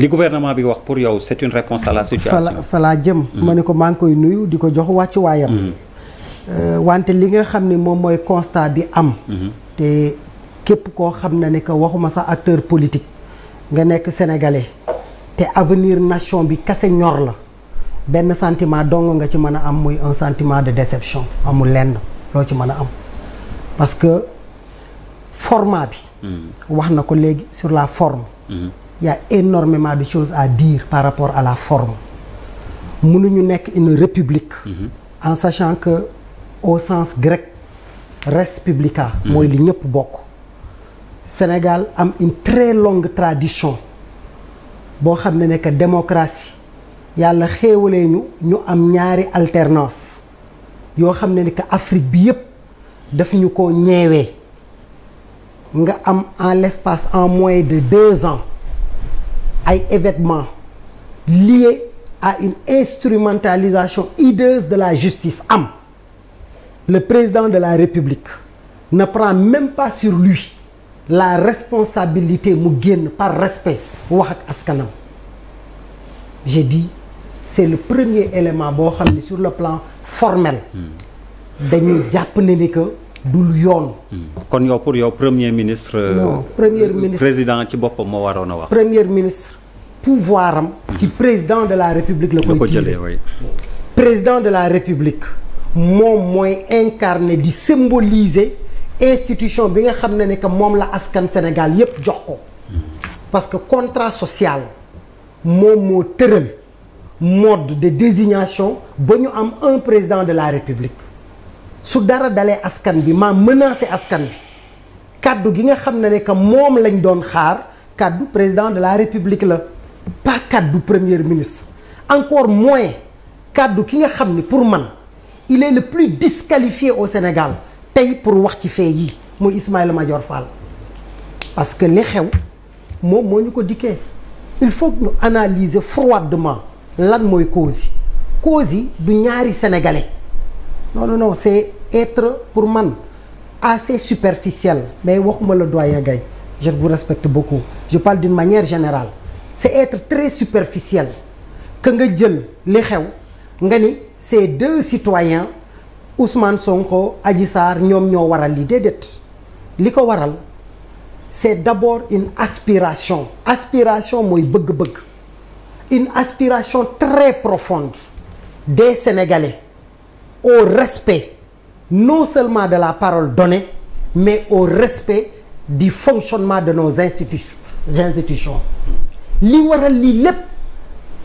li gouvernement bi wax pour yow c'est une réponse à la situation. jëm. Mm. ma ne ko maa ngi koy nuyu di ko jox wàccuwaayam. Mm. Euh, wante li nga xam ne moom mooy constat bi am. Mm-hmm. te képp koo xam na ne que waxuma sa acteur politique nga nekk sénégalais te avenir nation bi kase ñor la benn sentiment dong nga ci mën a am muy un sentiment de déception amul lenn loo ci mën a am parce que format bi. Mm. wax na ko léegi sur la forme. Mm-hmm. il y a énormément de choses à dire par rapport à la forme mënuñu nekk une république mhm. en sachant que au sens grec respublica mooy mhm. li ñëpp bokk Sénégal am une très longue tradition boo xam ne nekk démocratie yàlla xéewalee ñu ñu am ñaari alternance yoo xam ne ni que Afrique bi yëpp daf ñu ko ñeewee nga am en l'espace en moins de deux ans ay événements liés à une instrumentalisation hideuse de la justice am le président de la République na prend même pas sur lui la responsabilité mu génn par respect wax ak askanam j'ai di c'est le premier élément boo xam ne sur le plan formel dañuy jàpp na ni que dul yoon kon yow pour yow premier ministre non premier euh, ministre président ci boppam moo waroon a wax premier ministre pouvoir am ci président de la république la koy jëlee président de la république moom mooy incarné di symboliser institution bi nga xam ne ne que moom la askan Sénégal yépp jox ko parce que contrat social moom moo tëral mode de désignation ba ñu am un président de la république su dara dalee askan bi maa menacé askan bi kàddu gi nga xam ne ne que moom lañ doon xaar kàddu président de la république la pas kàddu première ministre encore moins kàddu ki nga xam ni pour man il est le plus disqualifié au Sénégal tey pour wax ci fee yi muy Ismaïla Madior Fall parce que li xew moom moo ñu ko dikkee il faut ñu analyser froidement lan mooy cause yi cause yi du ñaari sénégalais non non non c'est être pour man assez superficiel mais waxuma la doyen Gaye je bu respecte beaucoup je parle d'une manière générale c'est être très superficiel que nga jël li xew nga ni ces deux citoyens Ousmane Sonko Adji Sarr ñoom ñoo waral li déedéet li ko waral c'est d'abord une aspiration aspiration mooy bëgg-bëgg une aspiration très profonde des Sénégalais au respect non seulement de la parole donnée mais au respect di fonctionnement de nos institutions institutions li waral lii lépp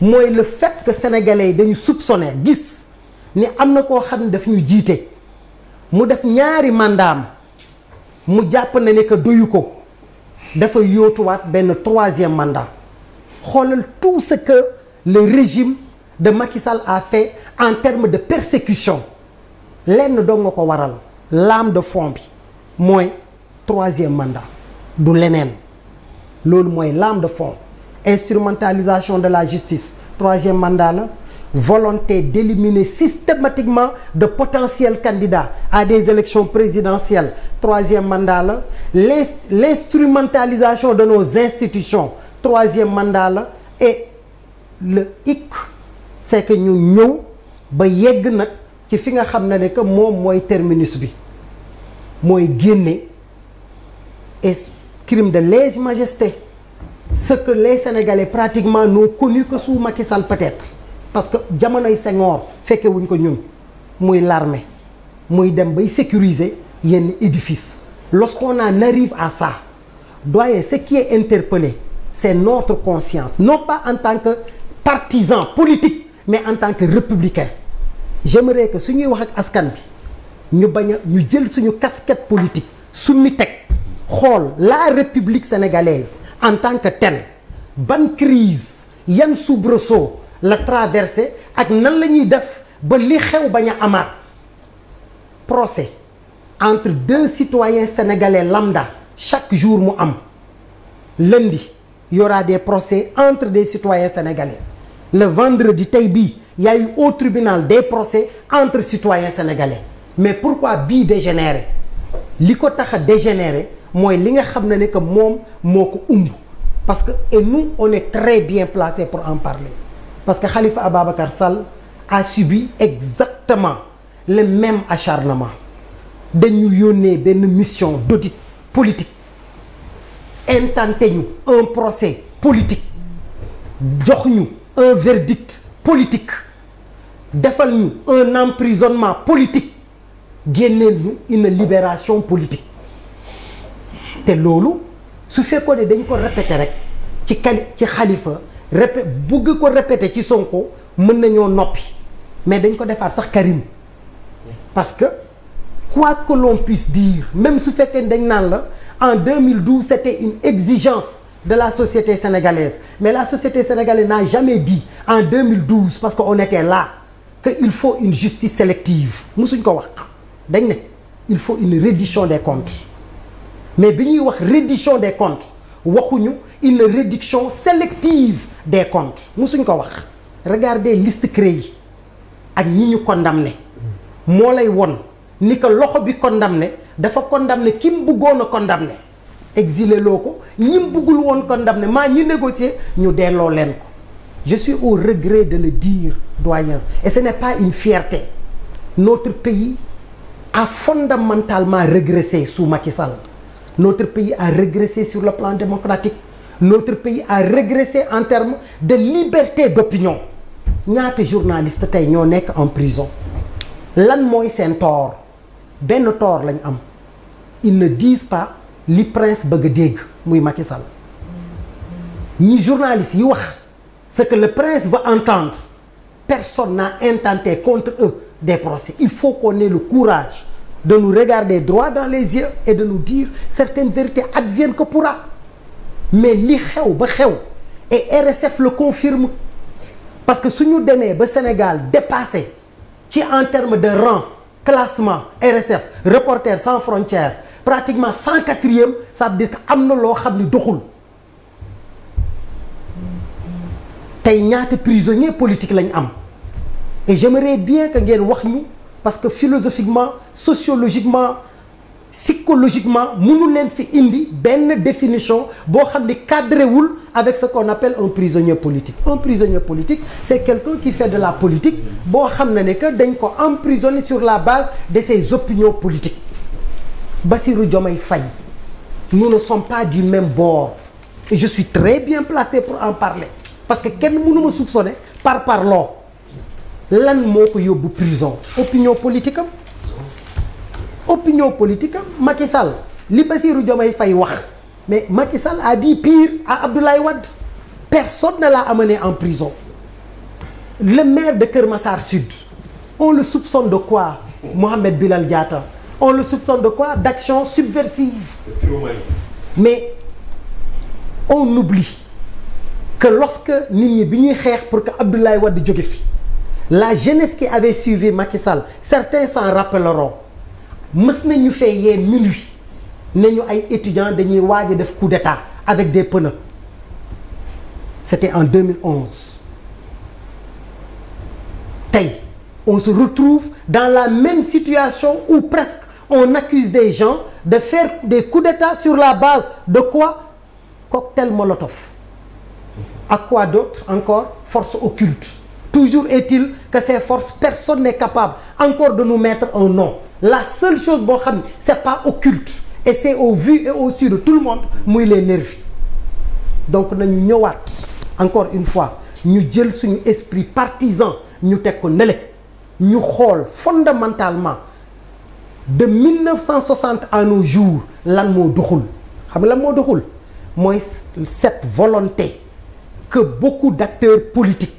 mooy le fait que sénégalais yi dañu soupçonné gis ni am na koo xam ne daf ñu jiite mu def ñaari mandaam mu jàpp na ne que doyu ko dafa yootuwaat benn troisième mandat xoolal tout ce que le régime de Macky Sall a en termes de persécution lenn doo nga ko waral lame de fond bi mooy troisième mandat du leneen loolu mooy lame de fond instrumentalisation de la justice troisième mandat la volonté d'éliminer systématiquement de potentiels candidats à des élections présidentielles troisième mandat la l'instrumentalisation de nos institutions troisième mandat la et le hic c'est que ñu ñëw ba yegg nag ci fi nga xam ne ne que moom mooy terminus bi mooy génne et crime de lèse majesté ce que les Sénégalais pratiquement no connu que sous Macky peut-être parce que jamonoy Senghor fekke wuñ ko ñun muy l'armée muy dem bay sécuriser yenn édifice lorsqu'on en narive à ça doyen ce qui est interpellé c'est notre conscience non pas en tant que partisan politique mais en tant que républicain j'aimerais que ñuy wax ak askan bi ñu bañ a ñu jël suñu casquette politique summi teg xool la république sénégalaise en tant que tel ban crise yan soubre soubresaut la traversé ak nan la ñuy def ba li xew bañ a amaat procès entre deux citoyens sénégalais lambda chaque jour mu am lundi y des procès entre des citoyens sénégalais le vendredi tey bii y a eu au tribunal des procès entre citoyens sénégalais mais pourquoi bii dégénéré li ko taxa a dégénéré mooy li nga xam ne ne que moom moo ko umb parce que et nous on est très bien placé pour en parler parce que Khalifa Ababacar Sall a subi exactement le même acharnement dañu yónnee benn mission d'audit politique intenté ñu un procès politique jox ñu un verdict politique defal ñu un emprisonnement politique génneel ñu une libération politique te loolu su fekkoo ne dañ ko répété rek ci kali ci xalifa répé bugg ko répété ci Sonko mën na nañoo noppi mais dañ ko defaat sax Karim parce que quoi que l'on puisse dire même su fekkee ne dañ naan la en 2012 c'était une exigence de la société sénégalaise mais la société sénégalaise n'a jamais dit en 2012 parce que on était là que il faut une justice sélective mosuñ ko wax dañ ne il faut une reddition des comptes mais bi ñuy wax reddition des comptes waxuñu une réduction sélective des comptes mosuñ ko wax regardez liste CREI yi ak ñi ñu ko ne moo lay won ni que loxo bi ndam ne dafa condamné ki mu buggoon a condamné exilé loo ko ñi mu bëggul woon ne maa ñi négocier ñu delloo leen ko je suis au regret de le dire doyen et ce n'est pas une fierté notre pays a fondamentalement régressé sous Macky Sall Notre pays a régressé sur le plan démocratique. Notre pays a régressé en termes de liberté d'opinion. ñaata journaliste tey ñoo nekk en prison lan mooy seen toor benn toor lañ am ils ne disent pas li prince bëgg a dégg muy Macky Sall ñi journaliste yi wax ce que le prince veut entendre personne n'a intenté contre eux des procès il faut qu'on ait le courage de nous regarder droit dans les yeux et de nous dire certaines vérités adviennent que mais li xew ba xew et RSF le confirme parce que suñu demee ba Sénégal dépassé ci en termes de rang classement RSF Reporters sans frontières pratiquement cent quatrième ça veut dire que am na loo xam ni doxul tey ñaata prisonniers politiques lañ am et j'aimerais bien que ngeen wax ñu parce que philosophiquement sociologiquement psychologiquement mënu leen fi indi benn définition boo xam ni cadré wul avec ce qu'on appelle un prisonnier politique un prisonnier politique c'est quelqu'un qui fait de la politique boo xam ne ne que dañ ko emprisonné sur la base de ses opinions politiques Bassirou Diomaye Faye nous ne sommes pas du même bord et je suis très bien placé pour en parler parce que kenn mënu ma soupçonner par par loo lan moo ko yóbbu prison opinion politique am opinion politique am Macky Sall li Bassirou Diomaye fay wax mais Macky Sall a dit pire à Abdoulaye Wade personne ne l'a amené en prison le maire de kër Massar Sud on le soupçonne de quoi Mohamed Bilal jaata on le soupçonne de quoi d'action subversive mais on oublie que lorsque nit ñi bi ñuy xeex pour que Abdoulaye Wade jóge fi la jeunesse qui avait suivi Macky Sall certains s'en rappelleront mës nañu fee yee minuit ne ñu ay étudiants dañuy waaj def coup d'état avec des pneus c'était en 2011 tey on se retrouve dans la même situation où presque on accuse des gens de faire des coups d'état sur la base de quoi cocktail Molotov à quoi d'autre encore force occulte Toujours est-il que se force personne n'est capable encore de nous mettre un non La seule chose boo xam ne c'est pas occulte et c'est au vu et au su de tout le monde muy les nervis donc nañu ñëwaat encore une fois ñu jël suñu esprit partisan ñu teg ko nele ñu xool fondamentalement de 1960 à nos jours lan moo doxul xam nga lan moo doxul mooy cette volonté que bokku d'acteurs politiques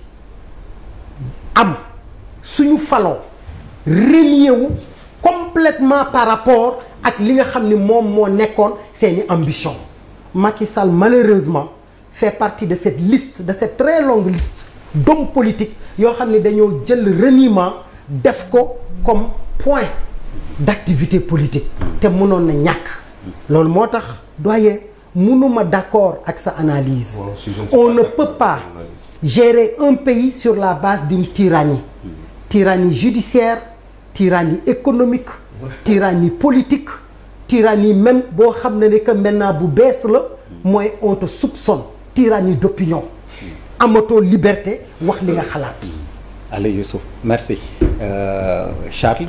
am suñu faloo relier wu complètement par rapport ak li nga xam ni moom moo nekkoon seeni ambition Macky Sall malheureusement fait partie de cette liste de cette très longue liste d'hommes politiques yoo xam ne dañoo jël reniment def ko comme point d'activité politique te mënoon na ñàkk loolu moo tax doyen mënuma d'accord ak sa analyse on ne peut gérer un pays sur la base d'une tyrannie tyrannie judiciaire tyrannie économique tyrannie politique tyrannie même boo xam ne ne que maintenant bu bees la mooy on te soupçonne tyrannie d'opinion amatoo liberté wax li nga xalaat Allez Youssouf merci euh, Charles